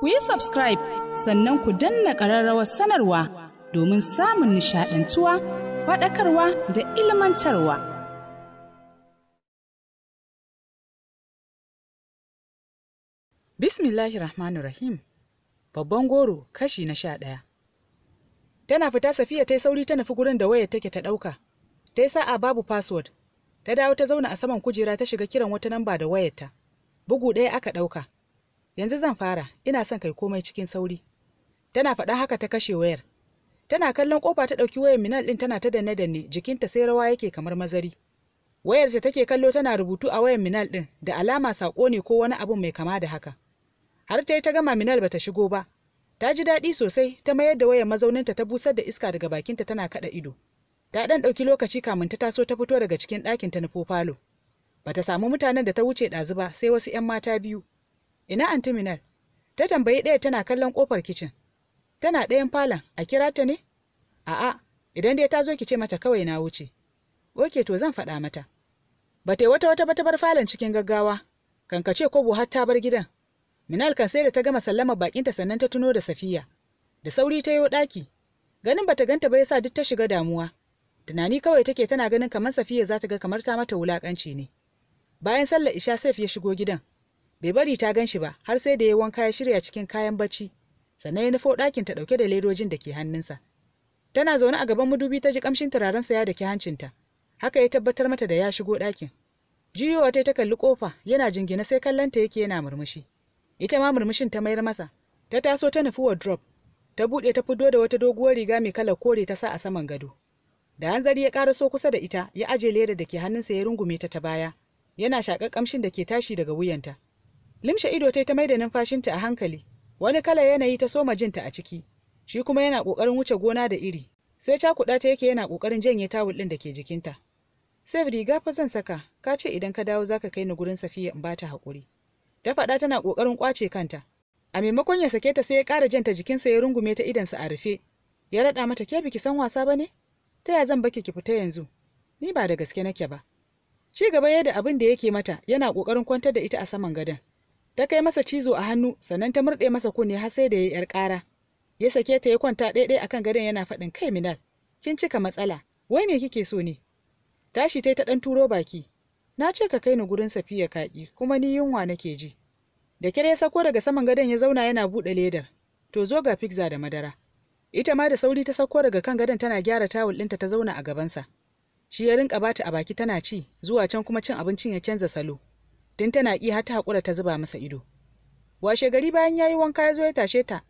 ku yi subscribe sannan ku danna ƙararrawar sanarwa domin samun nishaɗantuwa faɗakarwa da ilmantarwa. Bismillahi Rahmanu Babban goro kashi na sha ɗaya. Tana fita safiya ta yi sauri ta nufi gurin da waya take ta ɗauka. Ta yi sa'a babu password. Ta dawo ta zauna a saman kujera ta shiga kiran wata namba da wayarta. Bugu ɗaya aka ɗauka. yanzu zan fara ina son kai komai cikin sauri tana faɗa haka ta kashe wayar tana kallon kofa ta ɗauki wayar minal ɗin tana ta danne danne jikinta sai rawa yake kamar mazari wayar ta take kallo tana rubutu a wayar minal ɗin da alama saƙo ne ko wani abun mai kama da haka har ta yi ta gama minal bata shigo ba ta ji daɗi sosai ta mayar da wayar mazauninta ta busar da iska daga bakinta tana kaɗa ido ta ɗan ɗauki lokaci kamin ta taso ta fito daga cikin ɗakin ta na falo bata samu mutanen da ta wuce ɗazu ba sai wasu 'yan mata biyu ina anti minal ta tambayi ɗaya tana kallon ƙofar kicin tana ɗayan falon a kira ta ne a'a idan dai ta zo ki ce mata kawai na wuce oke to zan faɗa mata ba ta yi wata wata batabar falon cikin gaggawa Kan ka ce kobo har ta bar gidan minal kan sai da ta gama sallama bakinta sannan ta tuno da safiya da sauri ta yi ɗaki ganin ta ganta ba sa duk ta shiga damuwa tunani kawai take tana ganin kamar safiya za ta ga kamar ta mata wulakanci ne bayan sallar isha saif ya shigo gidan bai bari ta gan shi ba har sai da ya wanka ya shirya cikin kayan bacci sannan ya nufo ɗakin ta ɗauke da ledojin da ke hannunsa tana zaune a gaban madubi ta ji ƙamshin turarensa ya daki hancinta haka ya tabbatar mata da ya shigo ɗakin Juyowa ta ta kalli kofa, yana jingina sai kallonta yake yana murmushi ita ma murmushin ta mayar masa ta taso ta nufi wardrobe ta buɗe ta fito da wata doguwar riga mai kalar kore ta sa a saman gado da hanzari ya so kusa da ita ya ajiye leda da ke hannunsa ya rungume ta ta baya yana shaƙar ƙamshin da ke tashi daga wuyanta limshe ido ta ta maida numfashinta a hankali wani kala yanayi ta soma jinta a ciki shi kuma yana kokarin wuce gona da iri sai cakuɗa ta yake yana kokarin janye tawul ɗin da ke jikinta sai riga fa zan saka ka ce idan ka dawo zaka kai ni gurin safiya in ta haƙuri ta faɗa tana kokarin kwace kanta a maimakon ya sake ta sai ya ƙara janta jikinsa ya rungume ta idansa a rufe ya raɗa mata ke biki san wasa ba ne ta ya zan baki ki fita yanzu ni ba da gaske nake ba ci gaba yadda abin da yake mata yana ƙoƙarin kwantar da ita a saman gadon ta kai masa cizo a hannu sannan ta murɗe masa kunne har sai da ya yar ƙara ya sake ta ya kwanta ɗaiɗai akan gadon yana faɗin kai minal kin cika matsala wai me kike so ne tashi tai ta ɗan turo baki na ce ka kai ni gurin safiya kaki, kuma ni yunwa nake ji da kira ya sako daga saman gadon ya zauna yana buɗe ledar to zo ga pizza da madara ita ma da sauri ta sako daga kan gadon tana gyara tawul ɗinta ta zauna a gabansa shi ya rinka bata a baki tana ci zuwa can kuma cin abincin ya canza salo tun tana ki har ta haƙura ta zuba masa ido washe gari bayan ya yi wanka ya zo ya tashe ta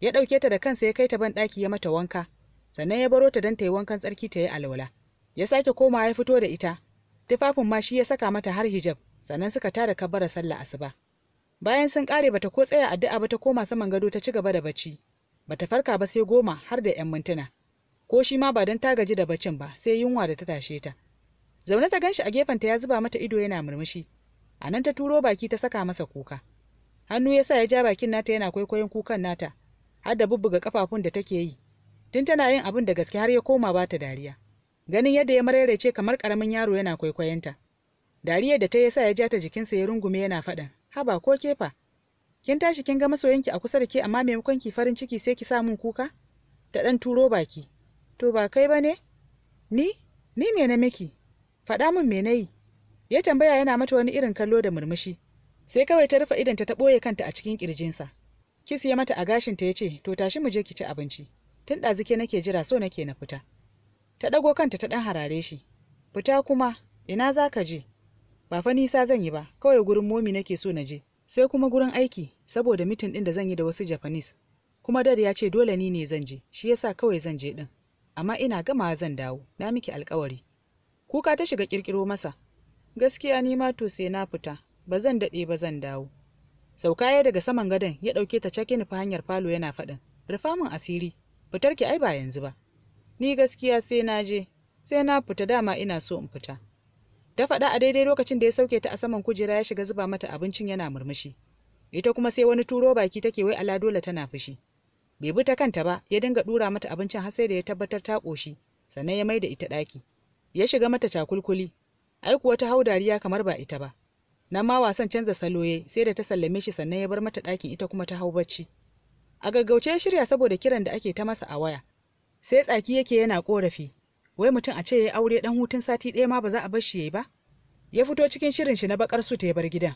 ya ɗauke ta da kansa ya kai ta ban ɗaki ya mata wanka sannan ya baro ta don ta yi wankan tsarki ta yi alwala ya sake komawa ya fito da ita tufafin ma shi ya saka mata har hijab sannan suka tada kabbara sallah asuba bayan sun kare bata ko tsaya addu'a ba ta koma saman gado ta ci gaba da bacci bata farka ba sai goma har da yan mintuna ko shi ma ba don ta gaji da baccin ba sai yunwa da ta tashe ta zaune ta ganshi a gefenta ya zuba mata ido yana murmushi a nan ta turo baki ta saka masa kuka hannu ya sa ya ja bakin nata yana kwaikwayon kukan nata har da bubbuga kafafun da take yi tun tana yin abin da gaske har ya koma bata dariya ganin yadda ya mararece kamar karamin yaro yana kwaikwayonta dariya da ta yasa ya ja ta jikinsa ya rungume yana faɗan haba ko kefa kin tashi kin ga masoyanki a kusa da ke amma maimakon ki farin ciki sai ki sa mun kuka ta ɗan turo baki to ba kai ba ne ni ni me na miki faɗa min me na yi ya tambaya yana mata wani irin kallo da murmushi sai kawai ta rufe idanta ta ɓoye kanta a cikin ƙirjinsa kis ya mata a gashinta ya ce to tashi mu je ki ci abinci tun ɗazuke nake jira so nake na fita ta ɗago kanta ta ɗan harare shi fita kuma ina za ka je ba fa nisa zan yi ba kawai gurin momi nake so na je sai kuma gurin aiki saboda mitin ɗin da zan yi da wasu japanese kuma dad ya ce dole ni ne zan je shi yasa kawai zan je ɗin amma ina gama zan dawo na miki alkawari kuka ta shiga ƙirƙiro masa gaskiya ni ma to sai na fita ba zan daɗe ba zan dawo sauka ya daga saman gadon ya ɗauke ta cake fa hanyar falo yana faɗin rufa min asiri fitar ki ai ba yanzu ba ni gaskiya sai na je sai na fita dama ina so in fita ta faɗa a daidai lokacin da ya sauke ta a saman kujera ya shiga zuba mata abincin yana murmushi ita kuma sai wani turo baki take wai ala dole tana fushi bai bi ta kanta ba ya dinga dura mata abincin har sai da ya tabbatar ta koshi sannan ya mai da ita ɗaki ya shiga mata cakulkuli ai kuwa ta hau dariya kamar ba ita ba nan ma wasan canza salo ya sai da ta sallame shi sannan ya bar mata ɗakin ita kuma ta hau bacci a gaggauce ya shirya saboda kiran da ake ta masa a waya sai tsaki yake yana korafi wai mutum a ce ya aure dan hutun sati ɗaya ma ba za a bar shi yi ba ya fito cikin shirin shi na bakar su ta ya bar gidan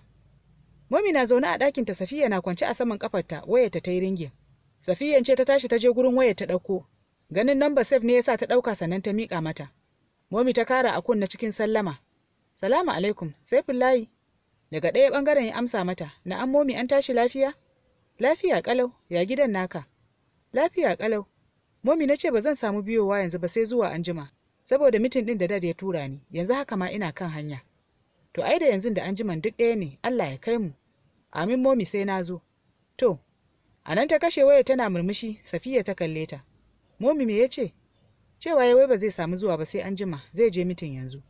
Mami na zaune a ɗakin ta Safiya na kwance a saman kafarta wayarta ta yi ringin. Safiya ce ta tashi ta je gurin wayar ta ɗauko. Ganin number safe ne ya sa ta ɗauka sannan ta miƙa mata. momi ta kara a kunna cikin sallama. salamu alaikum saifullahi daga ɗaya ɓangaren ya amsa mata na ammomi an tashi lafiya lafiya ƙalau ya gidan naka lafiya ƙalau momi na ce ba zan samu biyowa yanzu ba sai zuwa anjima saboda mitin ɗin da dad ya tura ni yanzu haka ma ina kan hanya to ai da yanzu da anjiman duk ɗaya ne allah ya kai mu amin momi sai na zo to a nan ta kashe waya tana murmushi safiya ta kalle ta momi me ya ce cewa ya wai ba zai samu zuwa ba sai anjima zai je mitin yanzu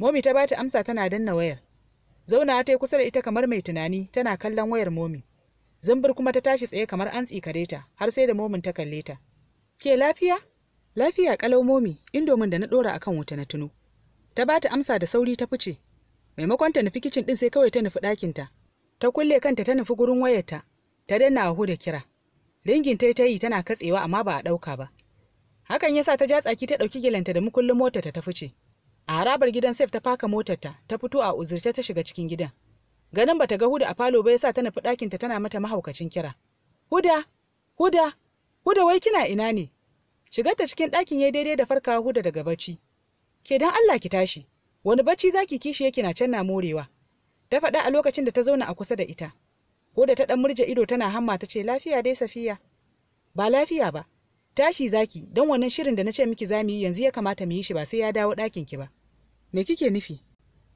momi ta bata amsa tana danna wayar zauna ta yi kusa da ita kamar mai tunani tana kallon wayar momi zambur kuma ta tashi tsaye kamar an tsikare ta har sai da momin ta kalle ta ke lafiya lafiya kalau momi indomin da na dora akan wuta na tuno ta bata amsa da sauri ta fice maimakon ta nufi kicin din sai kawai ta nufi ɗakin ta ta kulle kanta ta nufi gurin wayar ta ta danna a huda kira ringin ta ta yi tana katsewa amma ba a ɗauka ba hakan yasa ta ja tsaki ta ɗauki gilanta da mukullin motar ta ta fice a harabar gidan saif ta faka motarta ta fito a uzurce ta shiga cikin gidan ganin bata ga huda a falo ba yasa ta nufi ɗakinta tana mata mahaukacin kira huda huda huda wai kina ina ne shigar ta cikin ɗakin ya daidai da farkawa huda daga bacci ke dan allah ki tashi wani bacci zaki kishi yake na can na morewa ta faɗa a lokacin da ta zauna a kusa da ita huda ta ɗan murje ido tana hamma ta ce lafiya dai safiya ba lafiya ba tashi zaki don wannan shirin da na ce miki za mu yi yanzu ya kamata mu yi shi ba sai ya dawo ɗakin ki ba me kike nufi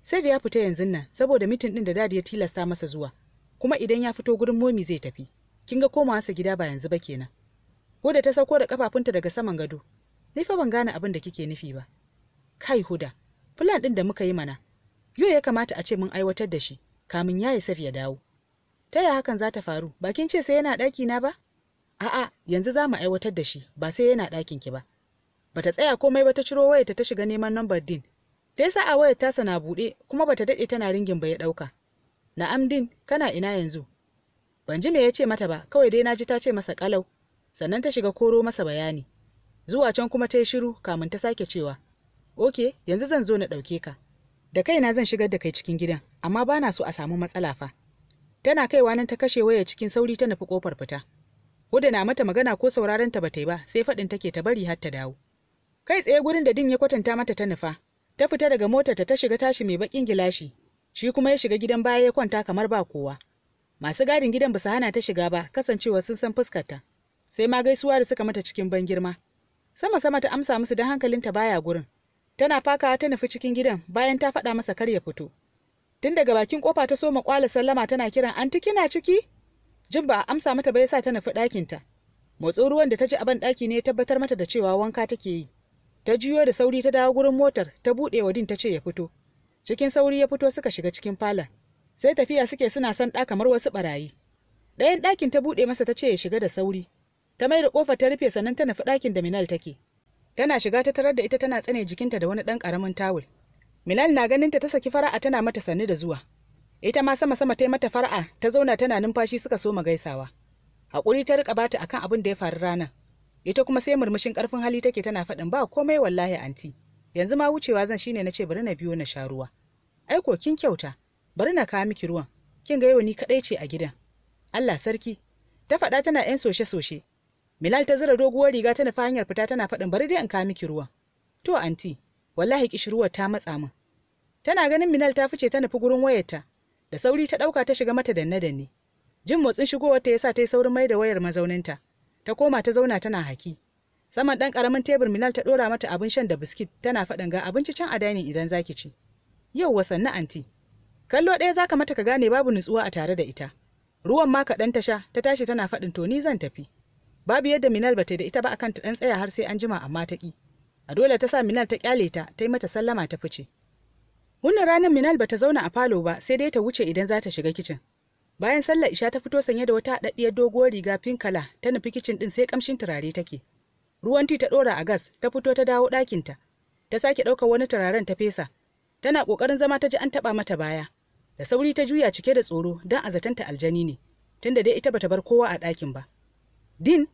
sai ya fita yanzu nan saboda mitin din da dadi ya tilasta masa zuwa kuma idan ya fito gurin momi zai tafi kin ga sa gida ba yanzu ba kenan huda ta sauko da kafafunta daga saman gado ni fa ban gane abin da kike nufi ba kai huda plan din da muka yi mana yo ya kamata a ce mun aiwatar da shi kamin yayi safi ya dawo ta ya hakan za ta faru ba kin ce sai yana ɗaki na ba a'a yanzu za mu aiwatar da shi ba sai yana ɗakin ki ba bata tsaya komai ba ta ciro wayarta ta shiga neman nambar din ta yasa a wayar tasa na buɗe kuma bata daɗe tana ringin ba ya ɗauka na'am din kana ina yanzu ban ji me ya ce mata ba kawai dai naji ta ce masa kalau sannan ta shiga koro masa bayani zuwa can kuma ta yi shiru kamin ta sake cewa ok yanzu zan zo na ɗauke ka da kaina zan shigar da kai cikin gidan amma bana so a samu matsala fa tana kaiwa nan ta kashe waya cikin sauri ta nufi kofar fita Huda na mata magana ko sauraron ta bata yi ba sai faɗin take ta bari har ta dawo kai tsaye gurin da din ya kwatanta mata ta nufa ta fita daga motar ta shiga tashi mai bakin gilashi shi kuma ya shiga gidan baya ya kwanta kamar ba kowa masu gadin gidan ba su hana ta shiga ba kasancewa sun san fuskarta sai ma gaisuwa da suka mata cikin ban girma sama sama ta amsa musu don hankalinta baya gurin tana fakawa ta nufi cikin gidan bayan ta faɗa masa kar ya fito tun daga bakin kofa ta soma kwala sallama tana kiran anti kina ciki jin ba a amsa mata ba yasa ta nufi ɗakinta motsin ruwan da ta ji a ban ɗaki ne ya tabbatar mata da cewa wanka take yi ta juyo da sauri ta dawo gurin motar ta buɗe wa din ta ce ya fito cikin sauri ya fito suka shiga cikin falon sai tafiya suke suna son ɗa kamar wasu ɓarayi ɗayan ɗakin ta buɗe masa ta ce ya shiga da sauri ta mai da ƙofar ta rufe sannan ta nufi ɗakin da minal take tana shiga ta tarar da ita tana tsane jikinta da wani ɗan ƙaramin tawul minal na ganinta ta saki fara'a tana mata sannu da zuwa ita ma sama sama ta yi mata fara'a ta zauna tana numfashi suka so gaisawa haƙuri ta riƙa bata akan abin da ya faru ranar ita kuma sai murmushin karfin hali take tana faɗin ba komai wallahi anti yanzu ma wucewa zan shine na ce bari na biyo na sha ruwa aiko kin kyauta bari na kawo miki ruwan kin ga yau ni kadai ce a gidan Allah sarki ta faɗa tana yan soshe soshe Milal ta zira doguwar riga ta nufa hanyar fita tana faɗin bari dai in kawo miki ruwan to anti wallahi kishiruwar ta matsa min tana ganin Minal ta fice ta nufi gurin wayarta da sauri ta ɗauka ta shiga mata danne danne jin motsin shigowar ta yasa ta yi saurin mai da wayar mazauninta ta koma ta zauna tana haki saman ɗan ƙaramin tebur minal ta ɗora mata abin shan da biskit tana faɗin ga abinci can a dining idan zaki ci yau wasanni anti kallo ɗaya zaka mata ka gane babu nutsuwa a tare da ita ruwan ma tasha, ta sha ta tashi tana faɗin to ni zan tafi babu yadda minal bata da ita ba akan ta ɗan tsaya har sai an jima amma ta ƙi a dole ta sa minal ta kyale ta ta yi mata sallama ta fice wannan ranar minal bata zauna a falo ba sai dai ta wuce idan za ta shiga kicin bayan sallar isha ta fito sanye da wata haɗaɗɗiyar doguwar riga pink kala ta nufi kicin ɗin sai kamshin turare take ruwan ti ta ɗora a gas ta fito ta dawo ɗakinta ta sake ɗaukar wani turaren ta fesa tana ƙoƙarin zama ta ji an taɓa mata baya da sauri ta juya cike da tsoro don a zatanta aljani ne tunda dai ita bata bar kowa a ɗakin ba din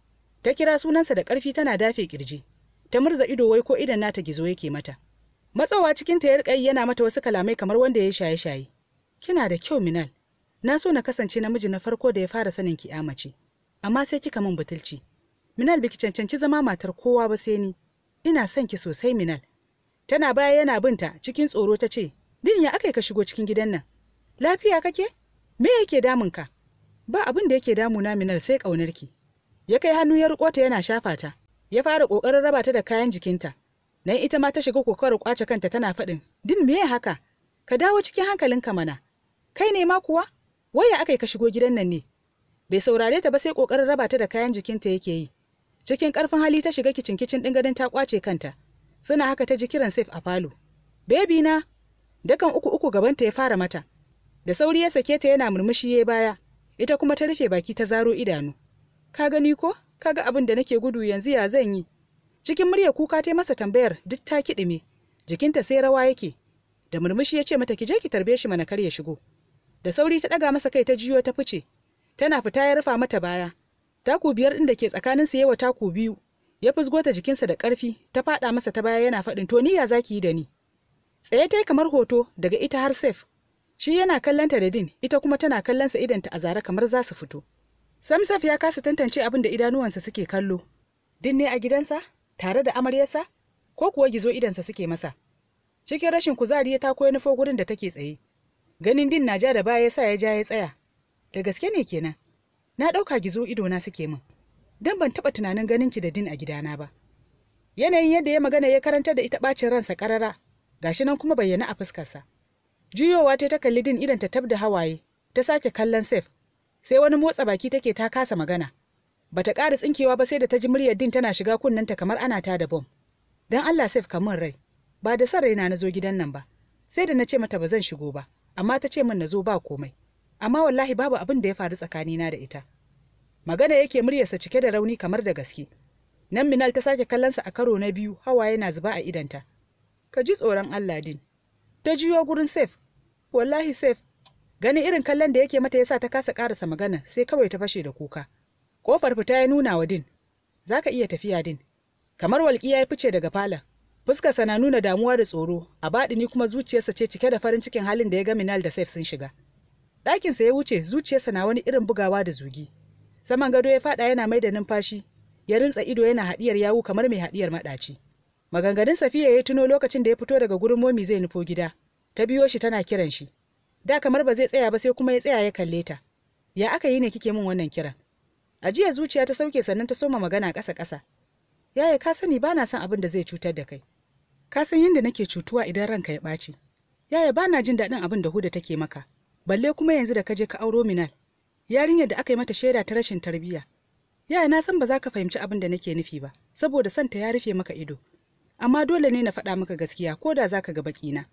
ta kira sunansa da ƙarfi tana dafe ƙirji. ta murza ido wai ko idan nata gizo yake mata Matsowa cikin ta yarƙai yana mata wasu kalamai kamar wanda ya shaye shaye kina da kyau minal na so na kasance namiji na farko da ya fara sanin ki mace amma sai kika min butulci minal biki cancanci zama matar kowa ba sai ni ina son ki sosai minal tana baya yana binta cikin tsoro ta ce din ya aka ka shigo cikin gidan nan lafiya kake me yake damun ka ba abin da yake damuna minal sai ƙaunar ki ya kai hannu ya riko ta yana shafa ta ya fara ƙoƙarin raba ta da kayan jikinta nan ita ma ta shiga kokarin kwace kanta tana faɗin din me haka ka dawo cikin hankalinka mana kai ne ma kuwa waya aka yi ka shigo gidan nan ne bai saurare ta ba sai kokarin raba ta da kayan jikinta yake yi cikin karfin hali ta shiga kicin kicin din gadon ta kwace kanta suna haka ta ji kiran safe a falo Baby na dakan uku uku gabanta ya fara mata da sauri ya sake ta yana murmushi ya baya ita kuma ta rufe baki ta zaro idanu ka gani ko kaga abin da nake gudu yanzu ya zan yi cikin murya kuka ta masa tambayar duk ta kiɗime jikinta sai rawa yake da murmushi ya ce mata ki je ki tarbe shi mana kar ya shigo da sauri ta ɗaga masa kai ta jiyo ta fice tana fita ya rufa mata baya taku biyar ɗin da ke tsakanin su yawa taku biyu ya fusgo ta jikinsa da ƙarfi ta faɗa masa ta baya yana faɗin to ni ya zaki yi da ni tsaye ta yi kamar hoto daga ita har sef shi yana kallon ta da din ita kuma tana kallonsa idanta a zara kamar za su fito samsaf ya kasa tantance abin da idanuwansa suke kallo din ne a gidansa tare da amaryarsa ko kuwa gizo idansa suke masa cikin rashin kuzari ya tako ya nufo gurin da take tsaye ganin din na ja da baya sa ya ja ya tsaya da gaske ne kenan na ɗauka gizo ido na suke min dan ban taɓa tunanin ganin ki da din a gidana ba yanayin yadda ya magana ya karanta da ita ɓacin ransa ƙarara gashi nan kuma bayyana a fuskarsa juyowa ta kalli din idan ta tabda hawaye ta sake kallon safe sai wani motsa baki take ta kasa magana bata ƙara tsinkewa ba sai da ta ji muryar din tana shiga ta kamar ana ta da bom don allah safe kamar rai ba da sarai na zo gidan nan ba sai da na ce mata ba zan shigo ba amma ta ce min na zo ba komai amma wallahi babu abin da ya faru tsakanina da ita magana yake muryarsa cike da rauni kamar da gaske nan minal ta sake kallonsa a karo na biyu hawa yana zuba a idanta ka ji tsoron allah din ta jiyo gurin safe wallahi safe gani irin kallon da yake mata yasa ta kasa karasa magana sai kawai ta fashe da kuka kofar fita ya nuna wa din za ka iya tafiya din kamar walƙi ya fice daga falon fuskarsa na nuna damuwa da tsoro a baɗi ni kuma zuciyarsa ce cike da farin cikin halin da ya ga minal da saif sun shiga ɗakinsa ya wuce zuciyarsa na wani irin bugawa da zugi saman gado ya faɗa yana mai da numfashi ya rintsa ido yana haɗiyar yawu kamar mai haɗiyar maɗaci maganganun safiya ya tuno lokacin da ya fito daga gurin momi zai nufo gida ta biyo shi tana kiran shi da kamar ba zai tsaya ba sai kuma ya tsaya ya kalle ta ya aka yi ne kike min wannan kiran a jiya zuciya ta sauke sannan ta soma magana ƙasa ƙasa yaya ka sani ba son abin da zai cutar da kai ka san yadda nake cutuwa idan ranka ya ɓaci yaya bana jin daɗin abin da huda take maka balle kuma yanzu da ka je ka auro minal yarinyar da aka yi mata shaida ta rashin tarbiyya yaya na san ba za ka fahimci abin da nake nufi ba saboda santa ya rufe maka ido amma dole ne na faɗa maka gaskiya ko da za ka ga baƙina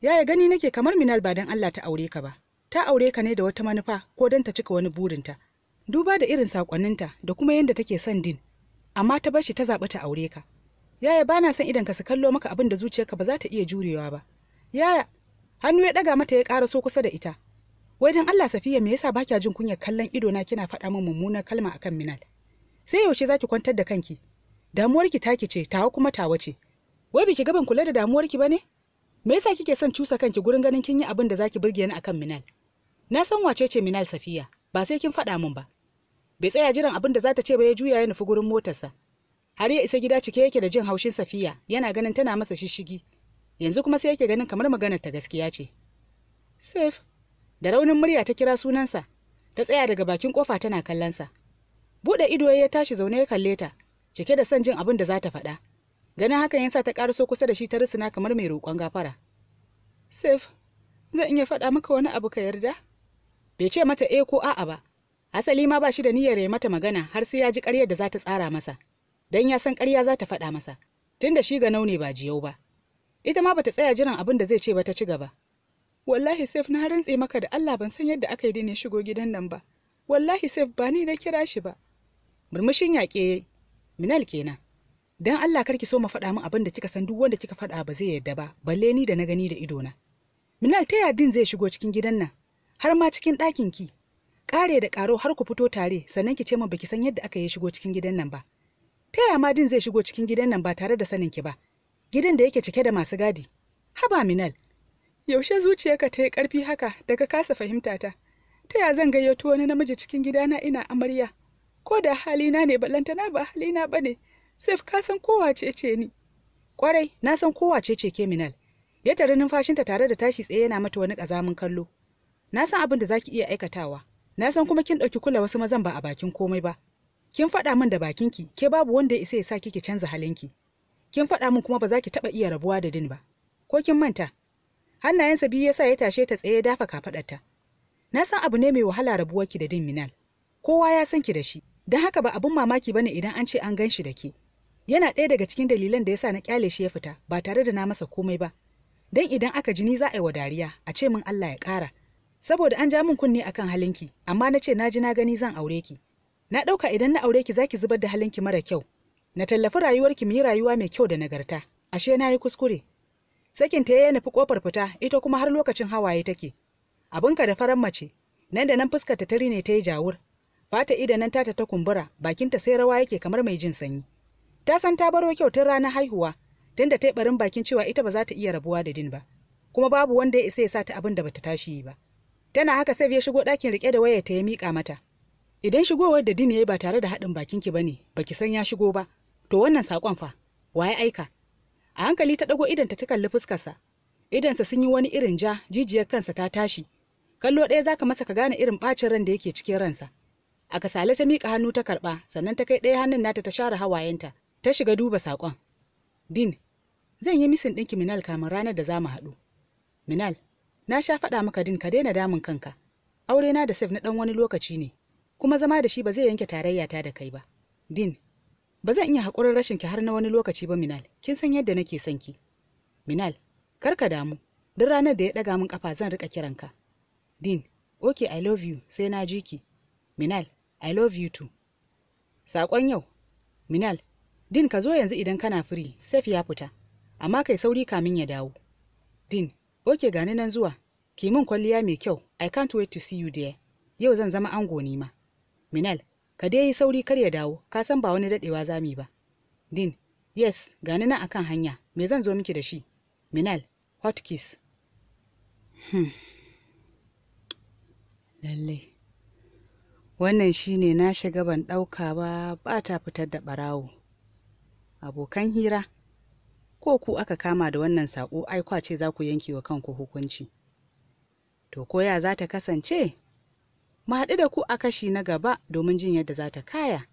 yaya gani nake kamar minal ba don allah ta aure ka ba ta aure ka ne da wata manufa ko don ta cika wani burinta duba da irin saƙonninta da kuma yadda take son din amma ta bar shi ta zaɓi ta aure ka yaya ba na son ka su kallo maka abin da zuciyarka ba za ta iya jurewa ba yaya hannu ya daga mata ya ƙara so kusa da ita wai dan Allah Safiya me yasa kya jin kunyar kallon ido na kina faɗa min mummunar kalma akan Minal sai yaushe za ki kwantar da kanki Damuwar damuwarki taki ce tawa kuma tawa ce wai biki gaban kula da damuwar damuwarki bane me yasa kike son cusa kanki gurin ganin kin yi abin da zaki burge ni akan Minal na san wace ce Minal Safiya ba sai kin faɗa min ba bai tsaya jiran abin da za ta ce ba ya juya ya nufi gurin motarsa har ya isa gida cike yake da jin haushin safiya yana ganin tana masa shishigi yanzu kuma sai yake ganin kamar maganar ta gaskiya ce Saif da raunin murya ta kira sunansa ta tsaya daga bakin kofa tana kallonsa Bude ido ya tashi zaune ya kalle ta cike da son jin abin da za ta faɗa ganin hakan yasa ta so kusa da shi ta risina kamar mai roƙon gafara Saif zan iya faɗa maka wani abu ka yarda bai ce mata e ko a'a ba asali ma ba shi da niyyar ya mata magana har sai ya ji ƙaryar da za ta tsara masa don ya san ƙarya za ta faɗa masa Tun da shi ga ne ba jiyau ba ita ma bata tsaya jiran abin da zai ce ba ta ci gaba wallahi saif na rantse maka da Allah ban san yadda aka yi dine shigo gidan nan ba wallahi saif ba ni na kira shi ba murmushin yaƙe minal kenan dan Allah karki so ma faɗa min abin da kika san duk wanda kika faɗa ba zai yadda ba balle ni da na gani da idona minal ta ya din zai shigo cikin gidan nan har ma cikin ɗakin ki ƙare da ƙaro har ku fito tare sannan ki ce min baki san yadda aka yi shigo cikin gidan nan ba ta yaya Madin zai shigo cikin gidan nan ba tare da sanin ki ba gidan da yake cike da masu gadi haba minal yaushe zuciyarka ta yi karfi haka daga kasa fahimta ta ta yaya zan gayyato wani namiji cikin gidana ina amarya ko da halina ne ballantana ba halina ba ne sai ka san kowa ce ce ni kwarai na san kowa ce ce minal ya tare numfashinta tare da tashi tsaye yana mata wani kazamin kallo na san abin da zaki iya aikatawa na san kuma kin ɗauki kula wasu mazan ba a bakin komai ba kin faɗa min da bakin ki, ke babu wanda ya isa ya sa kike canza ki. kin faɗa min kuma ba za ki taɓa iya rabuwa da din ba ko kin manta hannayen hannayensa biyu sa ya tashe ta tsaye ya dafa kafaɗarta na san abu ne mai wahala ki da din minal kowa ya san ki da shi don haka ba abin mamaki bane idan an ce an gan shi da ke yana ɗaya daga cikin dalilan da ya sa na kyale shi ya fita ba tare da na masa komai ba don idan aka jini za a yi wa dariya a ce min Allah ya ƙara saboda an ja min kunne akan halinki amma na ce na ji na gani zan aure ki Na ɗauka idan na aure ki zaki zubar da ki mara kyau. Na tallafi rayuwarki mu yi rayuwa mai kyau da nagarta. Ashe na yi kuskure. Sakin ta ya nufi kofar fita ita kuma har lokacin hawaye take. Abinka da faran mace. Nan da nan fuskar ta tari ne ta yi jawur. Fata nan tata ta kumbura, bakinta sai rawa yake kamar mai jin sanyi. Ta san ta baro kyau tun ranar haihuwa, tunda ta yi barin bakin cewa ita ba za ta iya rabuwa da din ba. Kuma babu wanda ya isa ya sa ta abin da bata tashi ba. Tana haka sai ya shigo ɗakin rike da wayar ta ya miƙa mata. idan shigowar da dini ya ba tare da haɗin bakinki ba ne baki san ya shigo ba to wannan saƙon fa waye aika a hankali ta ɗago idan ta kalli fuskarsa idansa sun yi wani irin ja jijiyar kansa ta tashi kallo ɗaya zaka masa ka gane irin ɓacin ran da yake cikin ransa a kasale ta miƙa hannu ta karɓa sannan ta kai ɗaya hannun nata ta share hawayenta ta shiga duba saƙon din zan yi misin ɗinki minal kamin ranar da za haɗu minal na sha faɗa maka din ka daina damun kanka aure na da sef na ɗan wani lokaci ne kuma zama da shi ba zai yanke tarayya ta da kai ba din ba zan iya haƙurin rashin ki har na wani lokaci ba minal kin san yadda nake son ki minal kar ka damu duk ranar da ya ɗaga min ƙafa zan riƙa kiranka din ok i love you sai na ji ki minal i love you too saƙon yau minal din ka zo yanzu idan kana firi sef ya fita amma kai sauri kamin ya dawo din ok gani nan zuwa ki min kwalliya mai kyau i can't wait to see you there yau zan zama ango nima minal ka dai yi sauri kar ya dawo ka san ba wani dadewa zami ba din yes gani na akan hanya me zan zo miki da shi minal hot kiss hmm. lallai wannan shine na shiga ban ɗauka ba ba ta fitar da ɓarawo abokan hira ko ku aka kama da wannan saƙo ai kwace za ku yanke wa kanku hukunci to koya za ta kasance mu haɗu da ku a kashi na gaba domin jin yadda za ta kaya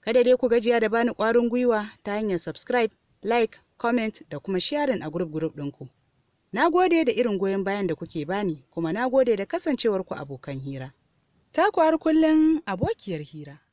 kada dai ku gajiya da bani ƙwarin gwiwa ta hanyar subscribe like comment da kuma sharing a gurub gurub ɗinku na gode da irin goyon bayan da kuke bani kuma na gode da kasancewarku abokan hira Ta har kullum abokiyar hira